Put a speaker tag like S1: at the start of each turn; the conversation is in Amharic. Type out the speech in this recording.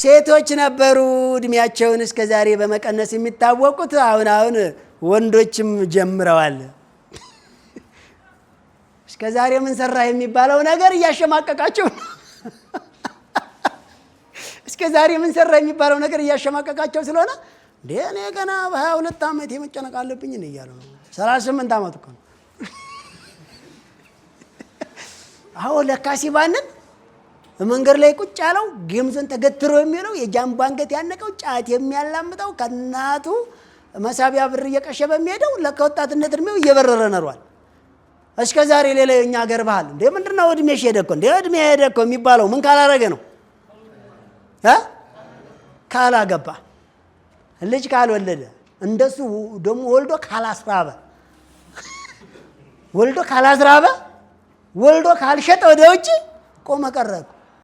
S1: ሴቶች ነበሩ እድሜያቸውን እስከ ዛሬ በመቀነስ የሚታወቁት። አሁን አሁን ወንዶችም ጀምረዋል። እስከ ዛሬ ምን ሰራህ የሚባለው ነገር እያሸማቀቃቸው እስከ ዛሬ ምን ሰራህ የሚባለው ነገር እያሸማቀቃቸው ስለሆነ እንዴ እኔ ገና በሀያ ሁለት ዓመት የመጨነቅ አለብኝ እያሉ ነው። ሰላሳ ስምንት ዓመት እኮ ነው አሁን ለካ ሲባንን መንገድ ላይ ቁጭ ያለው ጌምዝን ተገትሮ የሚለው የጃምቦ አንገት ያነቀው ጫት የሚያላምጠው ከእናቱ መሳቢያ ብር እየቀሸበ የሚሄደው ከወጣትነት እድሜው እየበረረ ነሯል። እስከ ዛሬ ሌላ የኛ ሀገር ባህል እንደ ምንድን ነው እድሜሽ ሄደ እኮ እንደ እድሜ ሄደ እኮ የሚባለው ምን ካላረገ ነው? ካላገባ፣ ልጅ ካልወለደ፣ እንደሱ ደግሞ ወልዶ ካላስራበ፣ ወልዶ ካላስራበ፣ ወልዶ ካልሸጠ ወደ ውጭ ቆመ ቀረ እኮ